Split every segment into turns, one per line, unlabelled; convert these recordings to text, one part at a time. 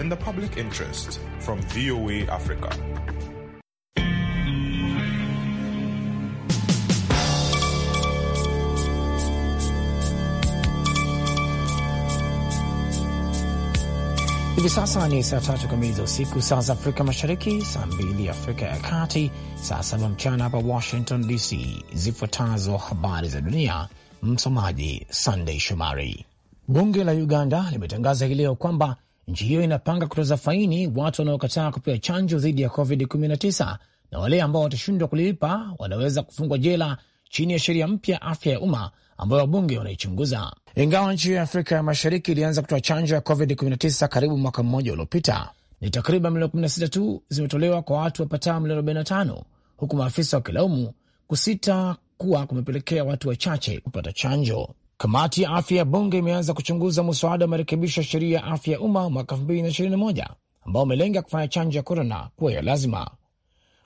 in the public interest from VOA Africa.
Hivi sasa ni saa tatu kamili za usiku, saa za Afrika Mashariki, saa mbili Afrika ya Kati, saa saba mchana hapa Washington DC. Zifuatazo habari za dunia, msomaji Sandey Shomari. Bunge la Uganda limetangaza hii leo kwamba Nchi hiyo inapanga kutoza faini watu wanaokataa kupewa chanjo dhidi ya COVID-19 na wale ambao watashindwa kulipa wanaweza kufungwa jela chini ya sheria mpya ya afya ya umma ambayo wabunge wanaichunguza. Ingawa nchi hiyo ya Afrika ya Mashariki ilianza kutoa chanjo ya COVID-19 karibu mwaka mmoja uliopita, ni takriban milioni 16 tu zimetolewa kwa watu wapatao milioni 45, huku maafisa wakilaumu kusita kuwa kumepelekea watu wachache kupata chanjo. Kamati ya afya ya bunge imeanza kuchunguza muswada wa marekebisho ya sheria ya afya ya umma mwaka 2021 ambao umelenga kufanya chanjo ya korona kuwa ya lazima.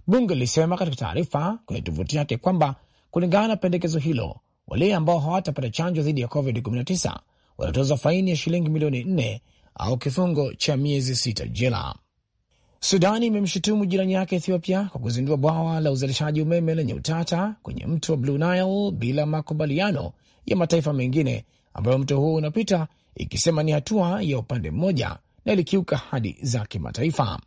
Bunge lilisema katika taarifa kwenye tovuti yake kwamba kulingana na pendekezo hilo, wale ambao hawatapata chanjo dhidi ya covid-19 wanatozwa faini ya shilingi milioni nne au kifungo cha miezi sita jela. Sudani imemshutumu jirani yake Ethiopia kwa kuzindua bwawa la uzalishaji umeme lenye utata kwenye mto wa Blue Nile bila makubaliano ya mataifa mengine ambayo mto huo unapita, ikisema ni hatua ya upande mmoja na ilikiuka hadi za kimataifa.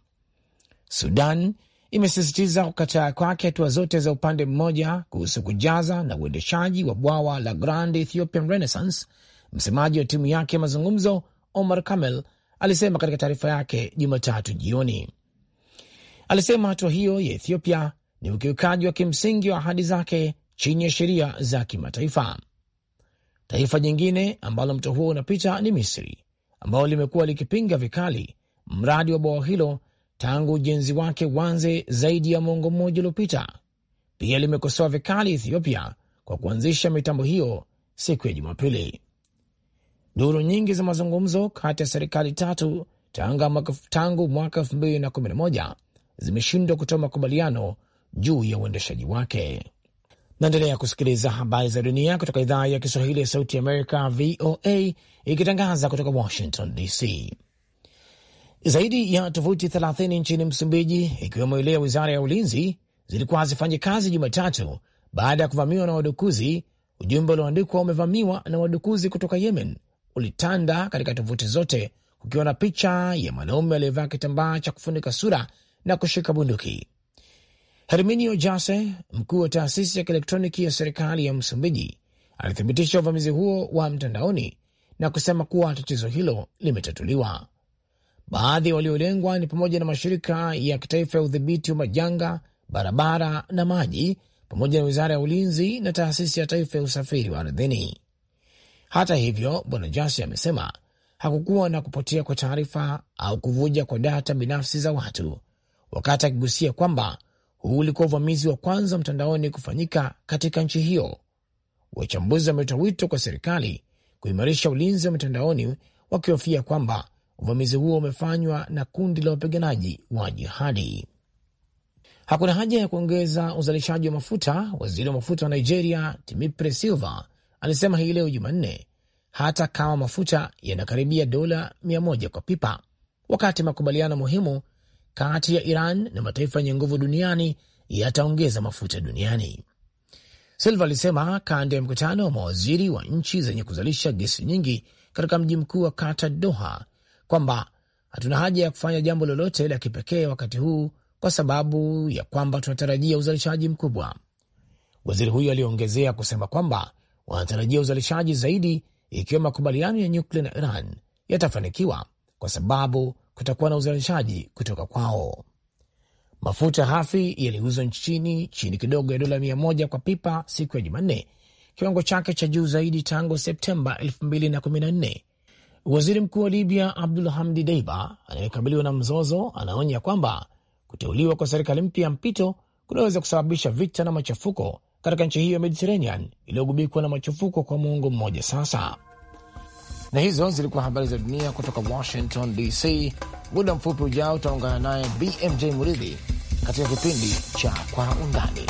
Sudan imesisitiza kukataa kwake hatua zote za upande mmoja kuhusu kujaza na uendeshaji wa bwawa la Grand Ethiopian Renaissance. Msemaji wa timu yake ya mazungumzo Omar Kamel alisema katika taarifa yake Jumatatu jioni, alisema hatua hiyo ya Ethiopia ni ukiukaji wa kimsingi wa ahadi zake chini ya sheria za kimataifa. Taifa jingine ambalo mto huo unapita ni Misri, ambalo limekuwa likipinga vikali mradi wa bwawa hilo tangu ujenzi wake wanze zaidi ya mwongo mmoja uliopita. Pia limekosoa vikali Ethiopia kwa kuanzisha mitambo hiyo siku ya Jumapili. Duru nyingi za mazungumzo kati ya serikali tatu tangu mwaka elfu zimeshindwa kutoa makubaliano juu ya uendeshaji wake. Naendelea kusikiliza habari za dunia kutoka idhaa ya Kiswahili ya sauti Amerika, VOA, ikitangaza kutoka Washington DC. Zaidi ya tovuti 30 nchini Msumbiji, ikiwemo ile ya wizara ya ulinzi, zilikuwa hazifanyi kazi Jumatatu baada ya kuvamiwa na wadukuzi. Ujumbe ulioandikwa umevamiwa na wadukuzi kutoka Yemen ulitanda katika tovuti zote, kukiwa na picha ya mwanaume aliyevaa kitambaa cha kufunika sura na kushika bunduki. Herminio Jase, mkuu wa taasisi ya kielektroniki ya serikali ya Msumbiji, alithibitisha uvamizi huo wa mtandaoni na kusema kuwa tatizo hilo limetatuliwa. Baadhi waliolengwa ni pamoja na mashirika ya kitaifa ya udhibiti wa majanga, barabara na maji, pamoja na wizara ya ulinzi na taasisi ya taifa ya usafiri wa ardhini. Hata hivyo, bwana Jasi amesema hakukuwa na kupotea kwa taarifa au kuvuja kwa data binafsi za watu, wakati akigusia kwamba huu ulikuwa uvamizi wa kwanza mtandaoni kufanyika katika nchi hiyo. Wachambuzi wametoa wito kwa serikali kuimarisha ulinzi wa mitandaoni, wakihofia kwamba uvamizi huo umefanywa na kundi la wapiganaji wa jihadi. Hakuna haja ya kuongeza uzalishaji wa mafuta, waziri wa mafuta wa Nigeria Timipre Silva alisema hii leo Jumanne, hata kama mafuta yanakaribia dola mia moja kwa pipa, wakati makubaliano muhimu kati ya Iran na mataifa yenye nguvu duniani yataongeza mafuta duniani. Silva alisema kando ya mkutano wa mawaziri wa nchi zenye kuzalisha gesi nyingi katika mji mkuu wa Qatar, Doha, kwamba hatuna haja ya kufanya jambo lolote la kipekee wakati huu kwa sababu ya kwamba tunatarajia uzalishaji mkubwa. Waziri huyo aliongezea kusema kwamba wanatarajia uzalishaji zaidi ikiwa makubaliano ya nyuklia na Iran yatafanikiwa, kwa sababu kutakuwa na uzalishaji kutoka kwao. Mafuta hafi yaliuzwa nchini chini kidogo ya dola mia moja kwa pipa siku ya Jumanne, kiwango chake cha juu zaidi tangu Septemba 2014. Waziri mkuu wa Libya Abdul Hamdi Deiba anayekabiliwa na mzozo anaonya kwamba kuteuliwa kwa serikali mpya ya mpito kunaweza kusababisha vita na machafuko katika nchi hiyo ya Mediterranean iliyogubikwa na machafuko kwa muongo mmoja sasa. Na hizo zilikuwa habari za dunia kutoka Washington DC. Muda mfupi ujao utaungana naye BMJ Muridhi katika kipindi cha Kwa Undani.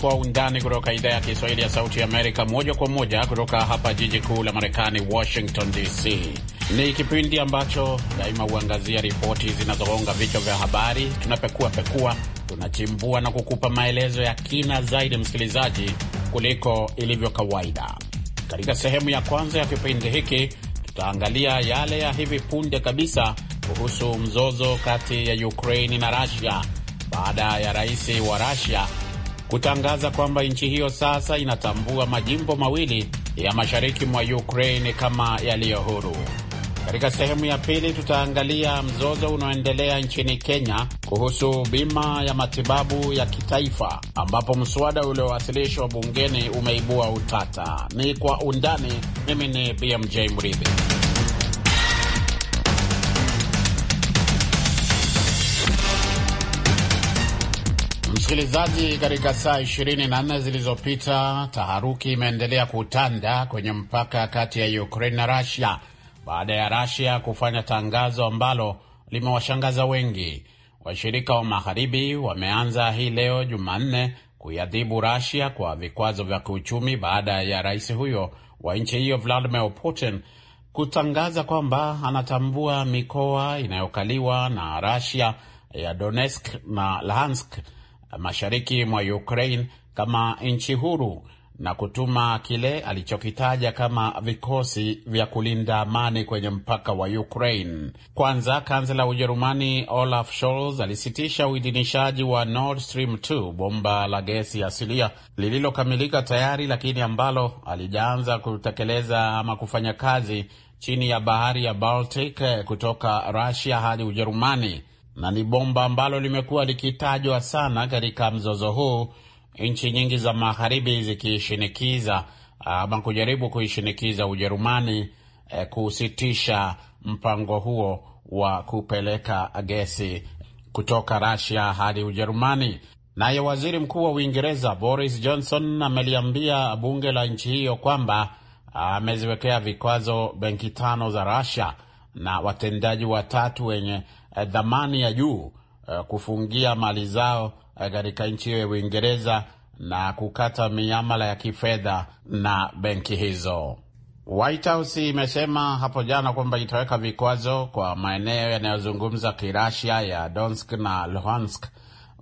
Kwa Undani kutoka idhaa ya Kiswahili ya Sauti Amerika, moja kwa moja kutoka hapa jiji kuu la Marekani, Washington DC. Ni kipindi ambacho daima huangazia ripoti zinazogonga vichwa vya habari. Tunapekua pekua, tunachimbua na kukupa maelezo ya kina zaidi, msikilizaji, kuliko ilivyo kawaida. Katika sehemu ya kwanza ya kipindi hiki tutaangalia yale ya hivi punde kabisa kuhusu mzozo kati ya Ukraini na Rasia baada ya rais wa Rasia kutangaza kwamba nchi hiyo sasa inatambua majimbo mawili ya mashariki mwa Ukraine kama yaliyo huru. Katika sehemu ya pili tutaangalia mzozo unaoendelea nchini Kenya kuhusu bima ya matibabu ya kitaifa, ambapo mswada uliowasilishwa bungeni umeibua utata. Ni kwa undani. Mimi ni BMJ Mridhi. Msikilizaji, katika saa ishirini na nne zilizopita taharuki imeendelea kutanda kwenye mpaka kati ya Ukraine na Russia baada ya Russia kufanya tangazo ambalo limewashangaza wengi. Washirika wa magharibi wameanza hii leo Jumanne kuiadhibu Russia kwa vikwazo vya kiuchumi baada ya rais huyo wa nchi hiyo Vladimir Putin kutangaza kwamba anatambua mikoa inayokaliwa na Russia ya Donetsk na Luhansk mashariki mwa Ukraine kama nchi huru na kutuma kile alichokitaja kama vikosi vya kulinda amani kwenye mpaka wa Ukraine. Kwanza, kansela wa Ujerumani Olaf Scholz alisitisha uidhinishaji wa Nord Stream 2, bomba la gesi asilia lililokamilika tayari lakini ambalo alijaanza kutekeleza ama kufanya kazi chini ya bahari ya Baltic eh, kutoka Russia hadi Ujerumani na ni bomba ambalo limekuwa likitajwa sana katika mzozo huu, nchi nyingi za magharibi zikiishinikiza ah, ama kujaribu kuishinikiza Ujerumani eh, kusitisha mpango huo wa kupeleka gesi kutoka Russia hadi Ujerumani. Naye waziri mkuu wa Uingereza Boris Johnson ameliambia bunge la nchi hiyo kwamba ameziwekea vikwazo benki tano za Russia na watendaji watatu wenye eh, dhamani ya juu eh, kufungia mali zao eh, katika nchi hiyo ya Uingereza na kukata miamala ya kifedha na benki hizo. White House imesema hapo jana kwamba itaweka vikwazo kwa maeneo yanayozungumza Kirasia ya Donsk na Luhansk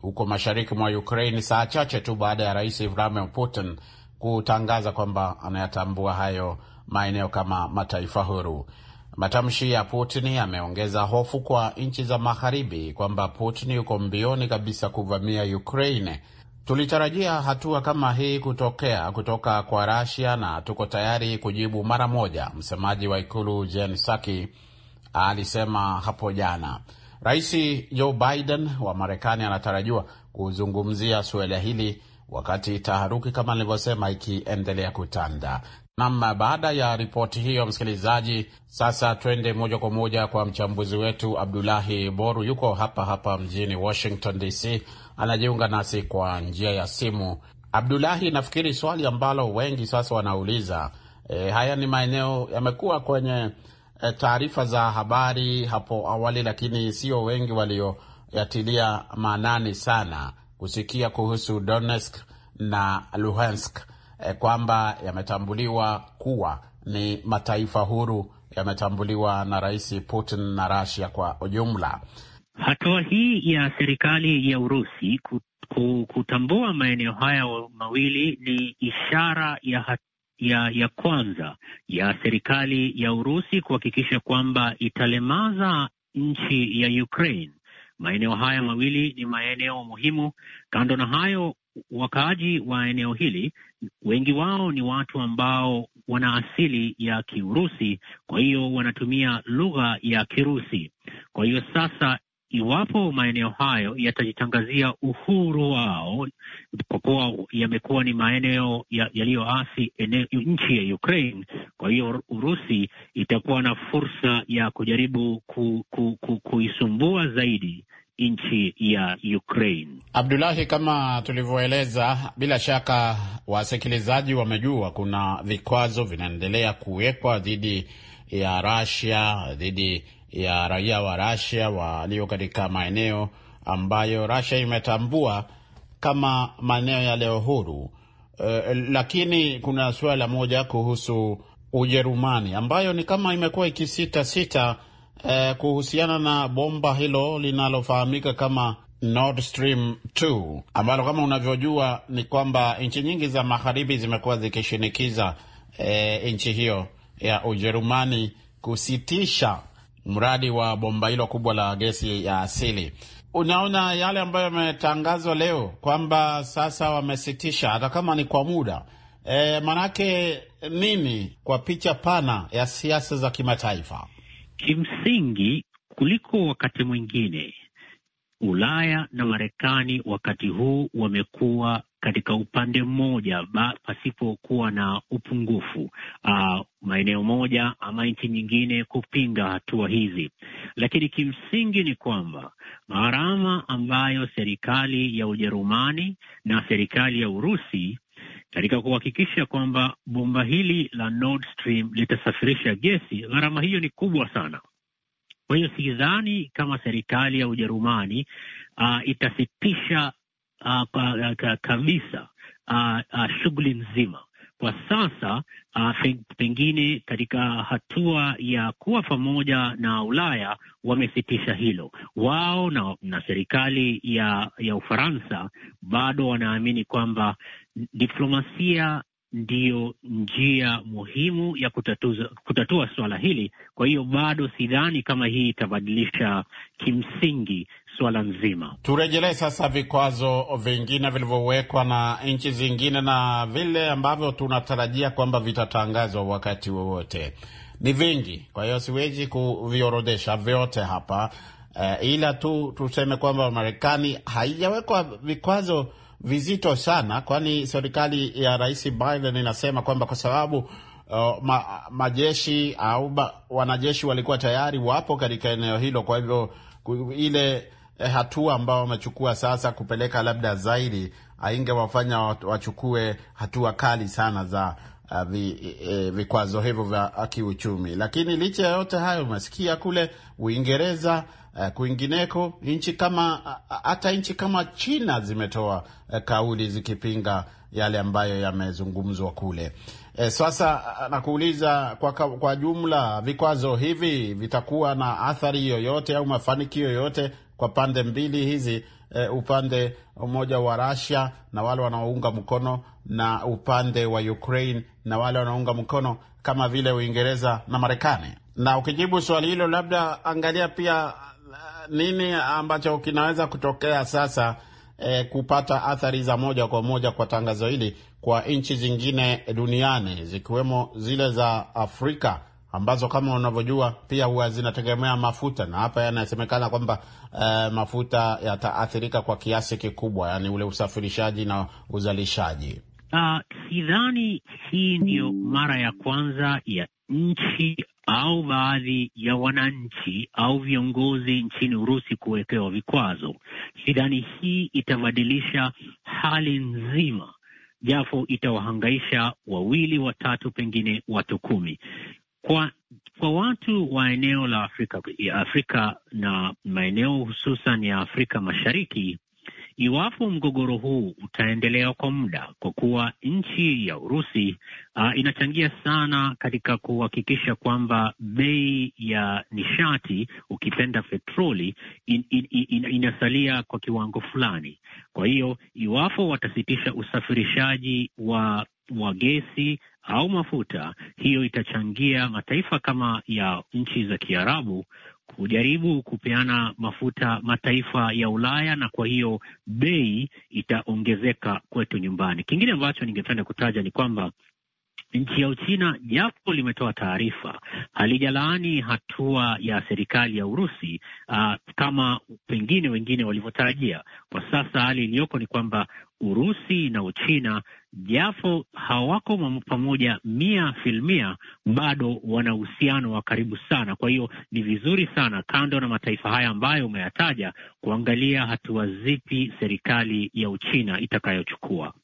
huko mashariki mwa Ukraine, saa chache tu baada ya Rais Vladimir Putin kutangaza kwamba anayatambua hayo maeneo kama mataifa huru. Matamshi ya Putin yameongeza hofu kwa nchi za magharibi kwamba Putin yuko mbioni kabisa kuvamia Ukraine. Tulitarajia hatua kama hii kutokea kutoka kwa Rasia na tuko tayari kujibu mara moja, msemaji wa ikulu Jen Psaki alisema hapo jana. Rais Joe Biden wa Marekani anatarajiwa kuzungumzia suala hili wakati taharuki, kama nilivyosema, ikiendelea kutanda. Nam, baada ya ripoti hiyo, msikilizaji, sasa twende moja kwa moja kwa mchambuzi wetu Abdulahi Boru, yuko hapa hapa mjini Washington DC, anajiunga nasi kwa njia ya simu. Abdulahi, nafikiri swali ambalo wengi sasa wanauliza e, haya ni maeneo yamekuwa kwenye e, taarifa za habari hapo awali, lakini sio wengi walioyatilia maanani sana kusikia kuhusu Donetsk na Luhansk eh, kwamba yametambuliwa kuwa ni mataifa huru, yametambuliwa na Rais Putin na Russia kwa ujumla.
Hatua hii ya serikali ya Urusi kutambua maeneo haya mawili ni ishara ya ya ya kwanza ya serikali ya Urusi kuhakikisha kwamba italemaza nchi ya Ukraine. Maeneo haya mawili ni maeneo muhimu. Kando na hayo, wakaaji wa eneo hili wengi wao ni watu ambao wana asili ya Kiurusi, kwa hiyo wanatumia lugha ya Kirusi. Kwa hiyo sasa, iwapo maeneo hayo yatajitangazia uhuru wao, kwa kuwa yamekuwa ni maeneo yaliyoasi ya nchi ya Ukraine, kwa hiyo Urusi itakuwa na fursa ya kujaribu ku, ku, ku, kuisumbua zaidi nchi ya Ukraine.
Abdulahi, kama tulivyoeleza, bila shaka wasikilizaji wamejua kuna vikwazo vinaendelea kuwekwa dhidi ya Russia, dhidi ya raia wa Russia walio katika maeneo ambayo Russia imetambua kama maeneo yaliyo huru. Uh, lakini kuna suala moja kuhusu Ujerumani ambayo ni kama imekuwa ikisita sita eh, kuhusiana na bomba hilo linalofahamika kama Nord Stream 2 ambalo kama unavyojua ni kwamba nchi nyingi za magharibi zimekuwa zikishinikiza eh, nchi hiyo ya Ujerumani kusitisha mradi wa bomba hilo kubwa la gesi ya asili. Unaona yale ambayo yametangazwa leo kwamba sasa wamesitisha hata kama ni kwa muda. E, manake nini kwa picha pana
ya siasa za kimataifa? Kimsingi, kuliko wakati mwingine, Ulaya na Marekani wakati huu wamekuwa katika upande mmoja pasipokuwa na upungufu uh, maeneo moja ama nchi nyingine kupinga hatua hizi, lakini kimsingi ni kwamba gharama ambayo serikali ya Ujerumani na serikali ya Urusi katika kuhakikisha kwamba bomba hili la Nord Stream litasafirisha gesi. Gharama hiyo ni kubwa sana. Kwa hiyo sidhani kama serikali ya Ujerumani uh, itasitisha uh, kabisa uh, uh, shughuli nzima kwa sasa uh, pengine katika hatua ya kuwa pamoja na Ulaya wamesitisha hilo wao na, na serikali ya, ya Ufaransa bado wanaamini kwamba diplomasia ndiyo njia muhimu ya kutatuza, kutatua suala hili. Kwa hiyo bado sidhani kama hii itabadilisha kimsingi suala nzima. Turejelee
sasa vikwazo vingine vilivyowekwa na nchi zingine na vile ambavyo tunatarajia kwamba vitatangazwa wakati wowote. Ni vingi, kwa hiyo siwezi kuviorodesha vyote hapa, uh, ila tu tuseme kwamba Marekani haijawekwa vikwazo vizito sana, kwani serikali ya Rais Biden inasema kwamba kwa sababu uh, ma, majeshi au ba, wanajeshi walikuwa tayari wapo katika eneo hilo, kwa hivyo ile eh, hatua ambao wamechukua sasa kupeleka labda zaidi wafanya wachukue hatua kali sana za uh, vi, eh, eh, vikwazo hivyo vya kiuchumi. Lakini licha ya yote hayo, umesikia kule Uingereza Uh, kwingineko nchi kama hata nchi kama China zimetoa uh, kauli zikipinga yale ambayo yamezungumzwa kule. E, sasa nakuuliza kwa, kwa jumla vikwazo hivi vitakuwa na athari yoyote au mafanikio yoyote kwa pande mbili hizi e, upande mmoja wa Russia na wale wanaounga mkono na upande wa Ukraine na wale wanaounga mkono kama vile Uingereza na Marekani. Na ukijibu swali hilo, labda angalia pia nini ambacho kinaweza kutokea sasa eh, kupata athari za moja kwa moja kwa tangazo hili kwa nchi zingine duniani zikiwemo zile za Afrika ambazo kama unavyojua pia huwa zinategemea mafuta, na hapa yanasemekana kwamba eh, mafuta yataathirika kwa kiasi kikubwa, yani ule usafirishaji na uzalishaji.
Uh, sidhani hii ndiyo mara ya kwanza ya nchi au baadhi ya wananchi au viongozi nchini Urusi kuwekewa vikwazo. Sidhani hii itabadilisha hali nzima, japo itawahangaisha wawili watatu, pengine watu kumi. Kwa kwa watu wa eneo la Afrika, Afrika na maeneo hususan ya Afrika Mashariki iwapo mgogoro huu utaendelea kwa muda, kwa kuwa nchi ya Urusi uh, inachangia sana katika kuhakikisha kwamba bei ya nishati, ukipenda petroli, in, in, in, inasalia kwa kiwango fulani. Kwa hiyo iwapo watasitisha usafirishaji wa wa gesi au mafuta, hiyo itachangia mataifa kama ya nchi za Kiarabu kujaribu kupeana mafuta mataifa ya Ulaya, na kwa hiyo bei itaongezeka kwetu nyumbani. Kingine ambacho ningependa kutaja ni kwamba Nchi ya Uchina japo limetoa taarifa, halijalaani hatua ya serikali ya Urusi uh, kama pengine wengine walivyotarajia. Kwa sasa hali iliyoko ni kwamba Urusi na Uchina japo hawako pamoja mia filmia, bado wana uhusiano wa karibu sana. Kwa hiyo ni vizuri sana, kando na mataifa haya ambayo umeyataja, kuangalia hatua zipi serikali ya Uchina itakayochukua.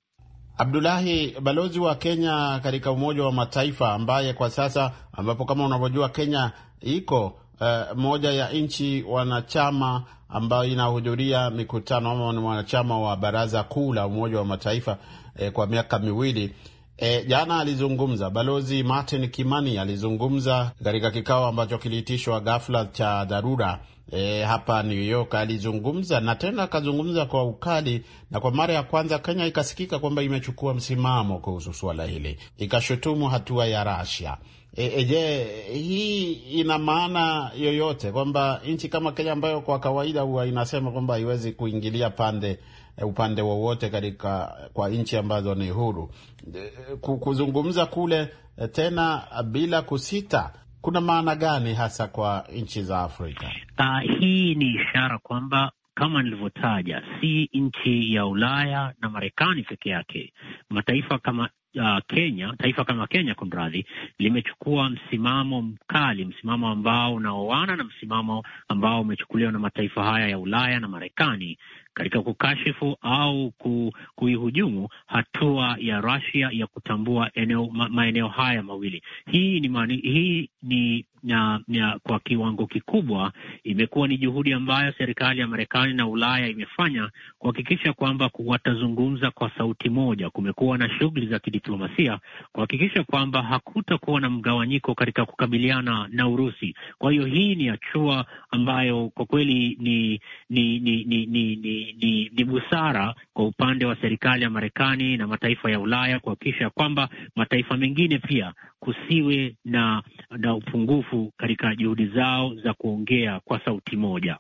Abdulahi, balozi wa Kenya katika Umoja wa Mataifa ambaye kwa sasa ambapo kama unavyojua Kenya iko uh, moja ya nchi wanachama ambayo inahudhuria mikutano ama ni wanachama wa Baraza Kuu la Umoja wa Mataifa eh, kwa miaka miwili. E, jana alizungumza Balozi Martin Kimani alizungumza katika kikao ambacho kiliitishwa ghafla cha dharura e, hapa New York alizungumza na tena akazungumza kwa ukali, na kwa mara ya kwanza Kenya ikasikika kwamba imechukua msimamo kuhusu suala hili, ikashutumu hatua ya Russia. E, e je, hii ina maana yoyote kwamba nchi kama Kenya ambayo kwa kawaida huwa inasema kwamba haiwezi kuingilia pande e, upande wowote katika kwa nchi ambazo ni huru, e, kuzungumza kule tena bila kusita kuna maana gani hasa kwa nchi za Afrika?
Uh, hii ni ishara kwamba kama nilivyotaja, si nchi ya Ulaya na Marekani peke yake. Mataifa kama uh, Kenya, taifa kama Kenya, kunradhi, limechukua msimamo mkali, msimamo ambao unaoana na msimamo ambao umechukuliwa na mataifa haya ya Ulaya na Marekani katika kukashifu au ku, kuihujumu hatua ya Russia ya kutambua eneo, ma, maeneo haya mawili. Hii ni, mani, hii ni na, na, kwa kiwango kikubwa imekuwa ni juhudi ambayo serikali ya Marekani na Ulaya imefanya kuhakikisha kwamba watazungumza kwa sauti moja. Kumekuwa na shughuli za kidi kidiplomasia kuhakikisha kwamba hakutakuwa na mgawanyiko katika kukabiliana na Urusi. Kwa hiyo hii ni hatua ambayo kwa kweli ni ni ni ni, ni, ni, ni, ni busara kwa upande wa serikali ya Marekani na mataifa ya Ulaya kuhakikisha kwamba mataifa mengine pia kusiwe na, na upungufu katika juhudi zao za kuongea kwa sauti moja.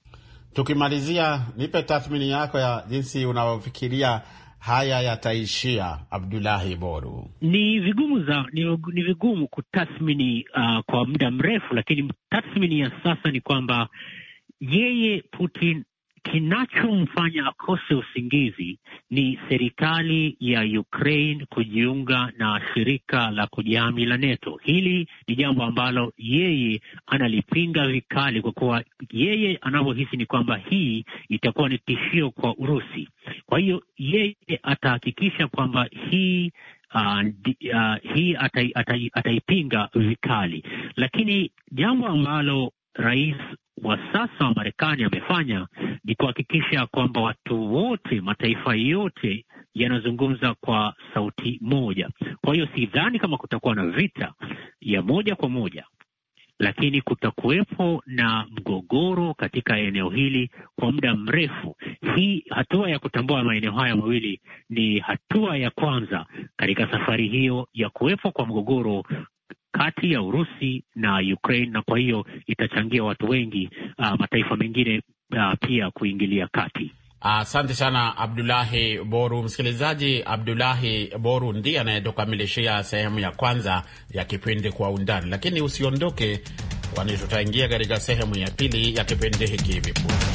Tukimalizia, nipe tathmini yako ya jinsi unavyofikiria haya yataishia, Abdulahi Boru?
Ni vigumu za, ni, ni vigumu kutathmini uh, kwa muda mrefu, lakini tathmini ya sasa ni kwamba yeye Putin Kinachomfanya akose usingizi ni serikali ya Ukraine kujiunga na shirika la kujihami la NATO. Hili ni jambo ambalo yeye analipinga vikali, kwa kuwa yeye anavyohisi ni kwamba hii itakuwa ni tishio kwa Urusi. Kwa hiyo yeye atahakikisha kwamba hii Uh, uh, hii ataipinga ata, ata vikali, lakini jambo ambalo rais wa sasa wa Marekani amefanya ni kuhakikisha kwamba watu wote, mataifa yote yanazungumza kwa sauti moja. Kwa hiyo sidhani kama kutakuwa na vita ya moja kwa moja, lakini kutakuwepo na mgogoro katika eneo hili kwa muda mrefu. Hii hatua ya kutambua maeneo haya mawili ni hatua ya kwanza katika safari hiyo ya kuwepo kwa mgogoro kati ya Urusi na Ukraine, na kwa hiyo itachangia watu wengi uh, mataifa mengine uh, pia kuingilia kati.
Asante uh, sana Abdulahi Boru. Msikilizaji, Abdulahi Boru ndiye anayetukamilishia sehemu ya kwanza ya kipindi Kwa Undani, lakini usiondoke, kwani tutaingia katika sehemu ya pili ya kipindi hiki hivi punde.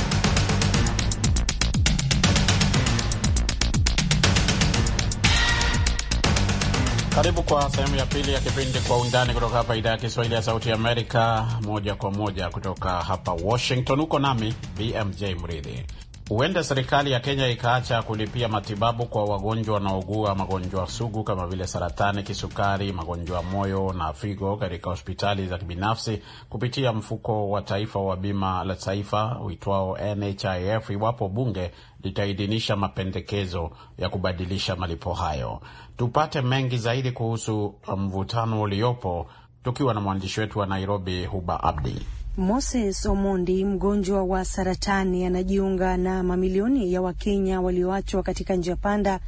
Karibu kwa sehemu ya pili ya kipindi Kwa Undani kutoka hapa idhaa ya Kiswahili ya Sauti Amerika, moja kwa moja kutoka hapa Washington. Uko nami BMJ Mridhi. Huenda serikali ya Kenya ikaacha kulipia matibabu kwa wagonjwa wanaougua magonjwa sugu kama vile saratani, kisukari, magonjwa moyo na figo katika hospitali za kibinafsi kupitia mfuko wa taifa wa bima la taifa uitwao NHIF iwapo bunge litaidhinisha mapendekezo ya kubadilisha malipo hayo. Tupate mengi zaidi kuhusu um, mvutano uliopo tukiwa na mwandishi wetu wa Nairobi, Huba Abdi.
Moses Omondi, mgonjwa wa saratani, anajiunga na mamilioni ya Wakenya walioachwa katika njia panda.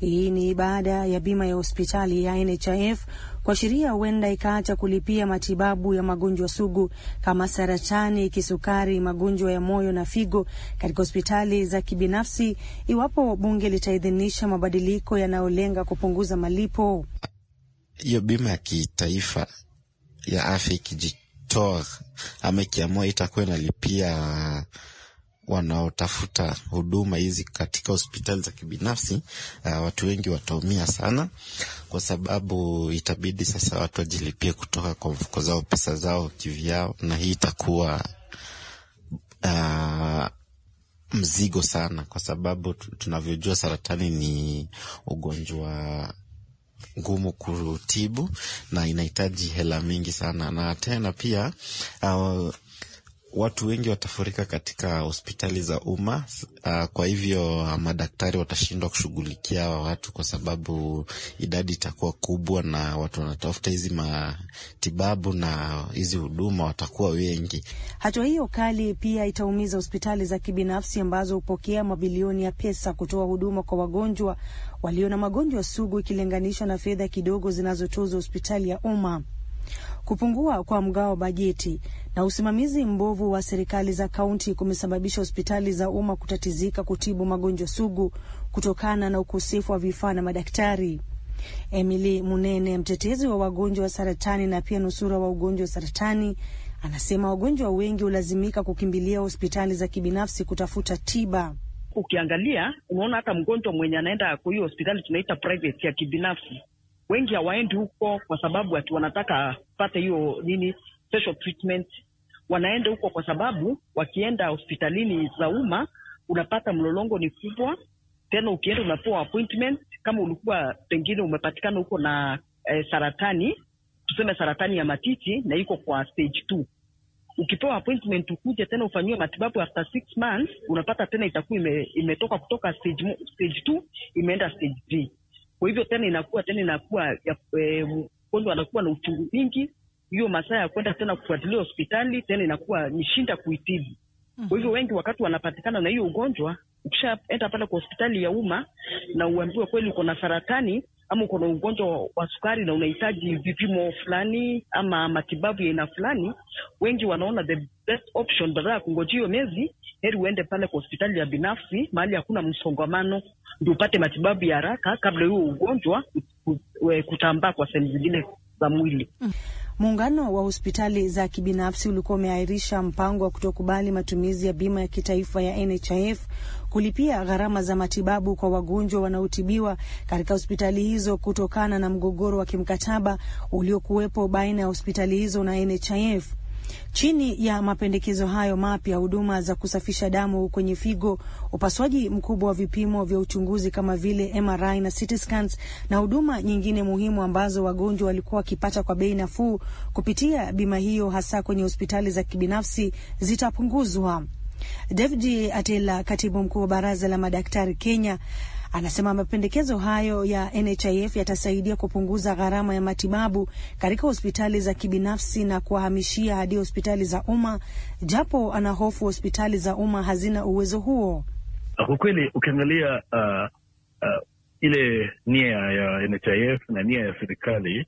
Hii ni baada ya bima ya hospitali ya NHIF kuashiria huenda ikaacha kulipia matibabu ya magonjwa sugu kama saratani, kisukari, magonjwa ya moyo na figo katika hospitali za kibinafsi iwapo bunge litaidhinisha mabadiliko yanayolenga kupunguza malipo.
Hiyo bima ya kitaifa ya afya ikijitoa ama ikiamua itakuwa inalipia wanaotafuta huduma hizi katika hospitali za kibinafsi uh, watu wengi wataumia sana, kwa sababu itabidi sasa watu wajilipie kutoka kwa mfuko zao pesa zao kivyao, na hii itakuwa uh, mzigo sana, kwa sababu tunavyojua saratani ni ugonjwa ngumu kutibu na inahitaji hela mingi sana, na tena pia uh, watu wengi watafurika katika hospitali za umma uh, kwa hivyo uh, madaktari watashindwa kushughulikia watu kwa sababu idadi itakuwa kubwa, na watu wanatafuta hizi matibabu na hizi huduma watakuwa wengi.
Hatua hiyo kali pia itaumiza hospitali za kibinafsi ambazo hupokea mabilioni ya pesa kutoa huduma kwa wagonjwa walio na magonjwa sugu ikilinganishwa na fedha kidogo zinazotozwa hospitali ya umma. Kupungua kwa mgao wa bajeti na usimamizi mbovu wa serikali za kaunti kumesababisha hospitali za umma kutatizika kutibu magonjwa sugu kutokana na ukosefu wa vifaa na madaktari. Emily Munene, mtetezi wa wagonjwa wa saratani na pia nusura wa ugonjwa wa saratani, anasema wagonjwa wengi hulazimika kukimbilia hospitali za kibinafsi kutafuta
tiba ukiangalia unaona hata mgonjwa mwenye anaenda kwa hiyo hospitali tunaita private ya kibinafsi, wengi hawaendi huko kwa sababu ati wanataka pate hiyo nini special treatment. Wanaenda huko kwa sababu wakienda hospitalini za umma unapata mlolongo ni kubwa, tena ukienda unapewa appointment. Kama ulikuwa pengine umepatikana huko na eh, saratani tuseme saratani ya matiti na iko kwa stage two ukipewa appointment ukuje tena ufanyiwe matibabu after six months, unapata tena itakuwa ime, imetoka kutoka stage, stage two imeenda stage three. Kwa hivyo tena inakuwa tena inakuwa mgonjwa anakuwa na uchungu mingi, hiyo masaa ya kwenda tena kufuatilia hospitali tena inakuwa ni shinda kuitibu. Kwa hivyo wengi wakati wanapatikana na hiyo ugonjwa, ukishaenda pale kwa hospitali ya umma na uambiwe kweli uko na saratani, ama uko na ugonjwa wa sukari na unahitaji vipimo fulani ama matibabu ya aina fulani, wengi wanaona the best option, badala ya kungoja hiyo miezi, heri uende pale kwa hospitali ya binafsi, mahali hakuna msongamano, ndio upate matibabu ya haraka kabla huo ugonjwa kutambaa kwa sehemu zingine za mwili.
Mm. Muungano wa hospitali za kibinafsi ulikuwa umeahirisha mpango wa kutokubali matumizi ya bima ya kitaifa ya NHIF kulipia gharama za matibabu kwa wagonjwa wanaotibiwa katika hospitali hizo kutokana na mgogoro wa kimkataba uliokuwepo baina ya hospitali hizo na NHIF. Chini ya mapendekezo hayo mapya, huduma za kusafisha damu kwenye figo, upasuaji mkubwa wa vipimo vya uchunguzi kama vile MRI na CT scans na huduma nyingine muhimu ambazo wagonjwa walikuwa wakipata kwa bei nafuu kupitia bima hiyo, hasa kwenye hospitali za kibinafsi zitapunguzwa. David Atela, katibu mkuu wa baraza la madaktari Kenya, Anasema mapendekezo hayo ya NHIF yatasaidia kupunguza gharama ya matibabu katika hospitali za kibinafsi na kuwahamishia hadi hospitali za umma, japo anahofu hospitali za umma hazina uwezo huo.
Kwa kweli ukiangalia uh, uh, ile nia ya NHIF na nia ya serikali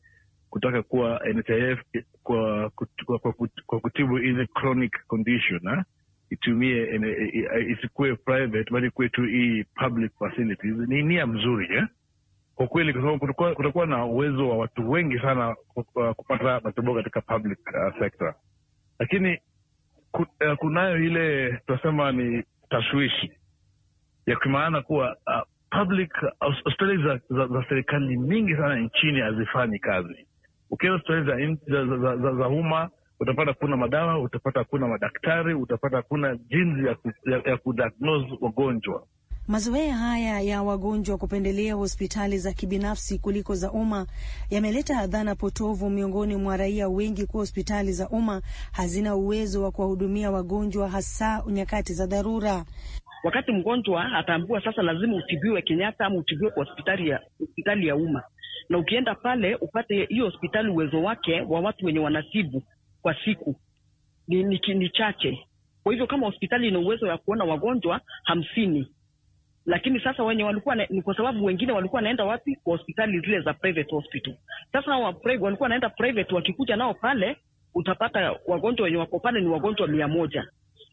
kutaka kuwa NHIF kwa, kwa, kwa, kwa kutibu ile chronic condition eh, itumie isikuwe private bali kuwe tu hii public facilities. Ni nia mzuri eh? Kwa kweli, kwa sababu kutakuwa na uwezo wa watu wengi sana uh, kupata matibabu katika public uh, sector, lakini ku, uh, kunayo ile tunasema ni tashwishi ya kimaana kuwa uh, public uh, hospitali za, za, za serikali mingi sana nchini hazifanyi kazi. Ukienda hospitali za, za, za, za, za umma utapata hakuna madawa, utapata hakuna madaktari, utapata hakuna jinsi ya, ku, ya, ya kudiagnose wagonjwa.
Mazoea haya ya wagonjwa kupendelea hospitali za kibinafsi kuliko za umma yameleta dhana potovu miongoni mwa raia wengi kuwa hospitali za umma hazina uwezo wa kuwahudumia wagonjwa, hasa nyakati za dharura.
Wakati mgonjwa ataambua sasa lazima utibiwe Kenyatta ama utibiwe kwa hospitali ya, hospitali ya umma, na ukienda pale upate hiyo hospitali uwezo wake wa watu wenye wanasibu kwa siku ni, ni, ni chache. Kwa hivyo kama hospitali ina uwezo wa kuona wagonjwa hamsini, lakini sasa wenye walikuwa ni kwa sababu wengine walikuwa wanaenda wapi? Kwa hospitali zile za private hospital. Sasa private, walikuwa wanaenda private, wakikuja nao pale utapata wagonjwa wenye wako pale ni wagonjwa mia moja,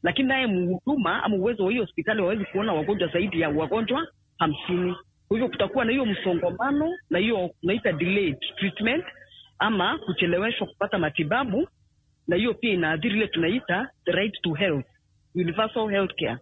lakini naye mhuduma ama uwezo wa hiyo hospitali wawezi kuona wagonjwa zaidi ya wagonjwa hamsini. Kwa hivyo kutakuwa na hiyo msongomano na hiyo unaita delayed treatment ama kucheleweshwa kupata matibabu na hiyo pia inaathiri ile tunaita the right to health, universal health care.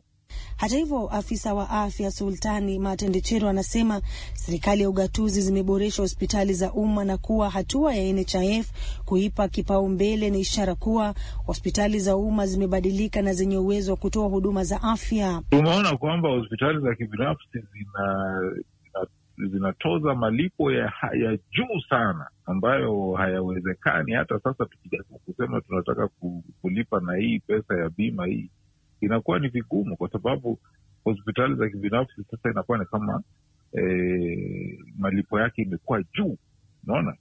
Hata hivyo, afisa wa afya Sultani Matendechero anasema serikali ya ugatuzi zimeboresha hospitali za umma na kuwa hatua ya NHIF kuipa kipaumbele ni ishara kuwa hospitali za umma zimebadilika na zenye uwezo wa kutoa huduma za afya.
Tumeona kwamba hospitali za kibinafsi zina zinatoza malipo ya, ya juu sana ambayo hayawezekani hata sasa. Tukijaribu kusema tunataka kulipa na hii pesa ya bima hii, inakuwa ni vigumu, kwa sababu hospitali za kibinafsi sasa inakuwa ni kama eh, malipo yake imekuwa juu, unaona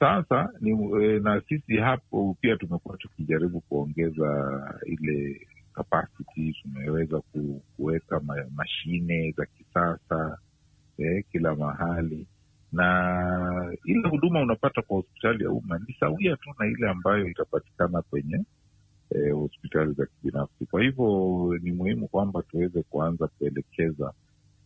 sasa ni eh, na sisi hapo pia tumekuwa tukijaribu kuongeza ile kapasiti tumeweza kuweka ma, mashine za kisasa eh, kila mahali na ile huduma unapata kwa hospitali ya umma ni sawia tu na ile ambayo itapatikana kwenye eh, hospitali za kibinafsi. Kwa hivyo ni muhimu kwamba tuweze kuanza kuelekeza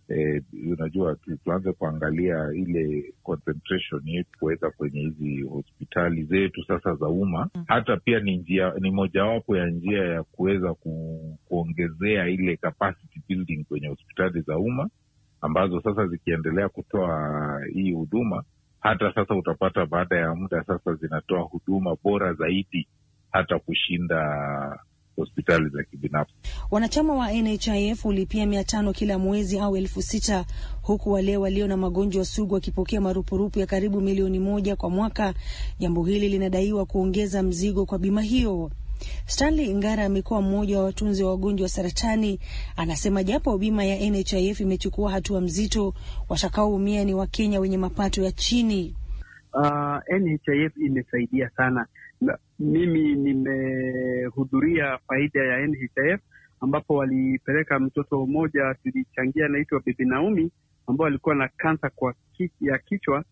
eh, unajua tuanze kuangalia ile concentration yetu kuweka kwenye hizi hospitali zetu sasa za umma. Mm-hmm. Hata pia ni njia, ni mojawapo ya njia ya kuweza ku, kuongezea ile capacity building kwenye hospitali za umma ambazo sasa zikiendelea kutoa uh, hii huduma, hata sasa utapata baada ya muda sasa zinatoa huduma bora zaidi hata kushinda hospitali za kibinafsi.
Wanachama wa NHIF hulipia mia tano kila mwezi au elfu sita huku wale walio na magonjwa sugu wakipokea marupurupu ya karibu milioni moja kwa mwaka. Jambo hili linadaiwa kuongeza mzigo kwa bima hiyo. Stanley Ngara amekuwa mmoja wa watunzi wa wagonjwa wa saratani. Anasema japo bima ya NHIF imechukua hatua wa mzito, watakaoumia ni Wakenya wenye mapato ya chini.
Uh, ah, NHIF imesaidia sana na, mimi nimehudhuria faida ya NHIF ambapo walipeleka mtoto mmoja tulichangia, anaitwa Bibi Naumi ambao alikuwa na kansa kwa ki, ya kichwa.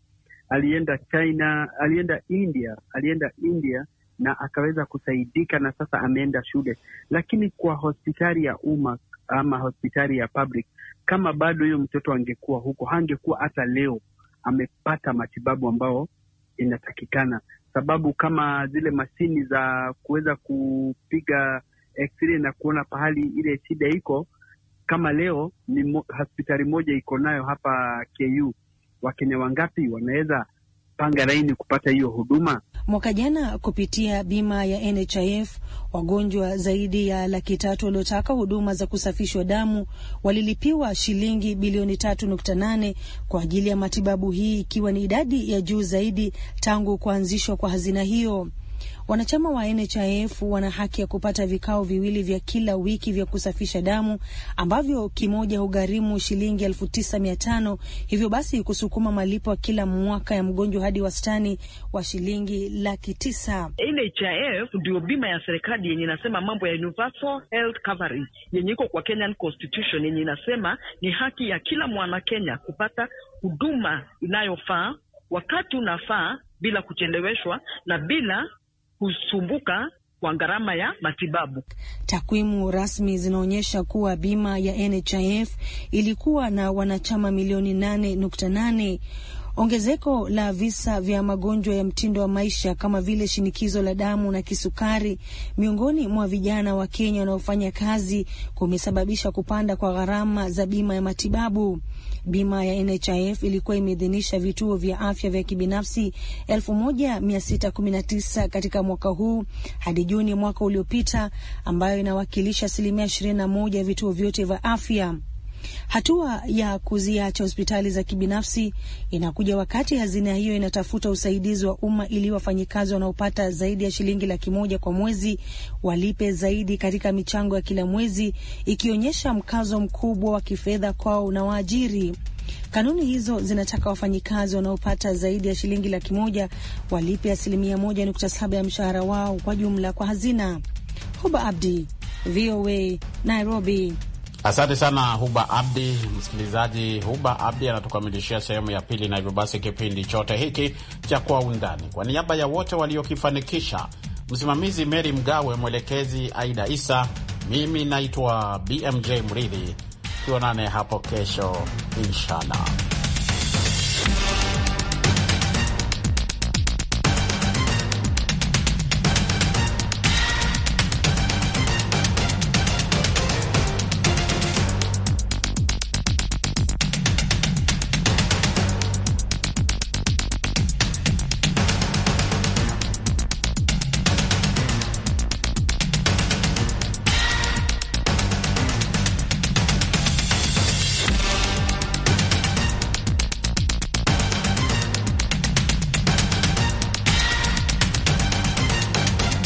Alienda China, alienda India, alienda India na akaweza kusaidika na sasa ameenda shule. Lakini kwa hospitali ya umma ama hospitali ya public, kama bado huyo mtoto angekuwa huko, hangekuwa hata leo amepata matibabu ambao inatakikana, sababu kama zile mashini za kuweza kupiga x-ray na kuona pahali ile shida iko, kama leo ni mo, hospitali moja iko nayo hapa KU. Wakenya wangapi wanaweza panga laini kupata hiyo huduma?
Mwaka jana kupitia bima ya NHIF wagonjwa zaidi ya laki tatu waliotaka huduma za kusafishwa damu walilipiwa shilingi bilioni tatu nukta nane kwa ajili ya matibabu, hii ikiwa ni idadi ya juu zaidi tangu kuanzishwa kwa hazina hiyo. Wanachama wa NHIF wana haki ya kupata vikao viwili vya kila wiki vya kusafisha damu ambavyo kimoja hugharimu shilingi elfu tisa mia tano hivyo basi kusukuma malipo ya kila mwaka ya mgonjwa hadi wastani wa shilingi laki tisa.
NHIF ndio bima ya serikali yenye inasema mambo ya universal health coverage yenye iko kwa Kenyan Constitution yenye inasema ni haki ya kila mwana Kenya kupata huduma inayofaa wakati unafaa bila kucheleweshwa na bila kusumbuka kwa gharama ya matibabu.
Takwimu rasmi zinaonyesha kuwa bima ya NHIF ilikuwa na wanachama milioni 8.8 Ongezeko la visa vya magonjwa ya mtindo wa maisha kama vile shinikizo la damu na kisukari miongoni mwa vijana wa Kenya wanaofanya kazi kumesababisha kupanda kwa gharama za bima ya matibabu. Bima ya NHIF ilikuwa imeidhinisha vituo vya afya vya kibinafsi 1619 katika mwaka huu hadi Juni mwaka uliopita, ambayo inawakilisha asilimia 21 ya vituo vyote vya afya. Hatua ya kuziacha hospitali za kibinafsi inakuja wakati hazina hiyo inatafuta usaidizi wa umma ili wafanyikazi wanaopata zaidi ya shilingi laki moja kwa mwezi walipe zaidi katika michango ya kila mwezi, ikionyesha mkazo mkubwa wa kifedha kwao na waajiri. Kanuni hizo zinataka wafanyikazi wanaopata zaidi ya shilingi laki moja walipe asilimia moja nukta saba ya mshahara wao kwa jumla kwa hazina. Huba Abdi, VOA, Nairobi.
Asante sana Huba Abdi. Msikilizaji, Huba Abdi anatukamilishia sehemu ya pili, na hivyo basi kipindi chote hiki cha Kwa Undani, kwa niaba ya wote waliokifanikisha, msimamizi Meri Mgawe, mwelekezi Aida Isa, mimi naitwa BMJ Mridhi. Tuonane hapo kesho, inshallah.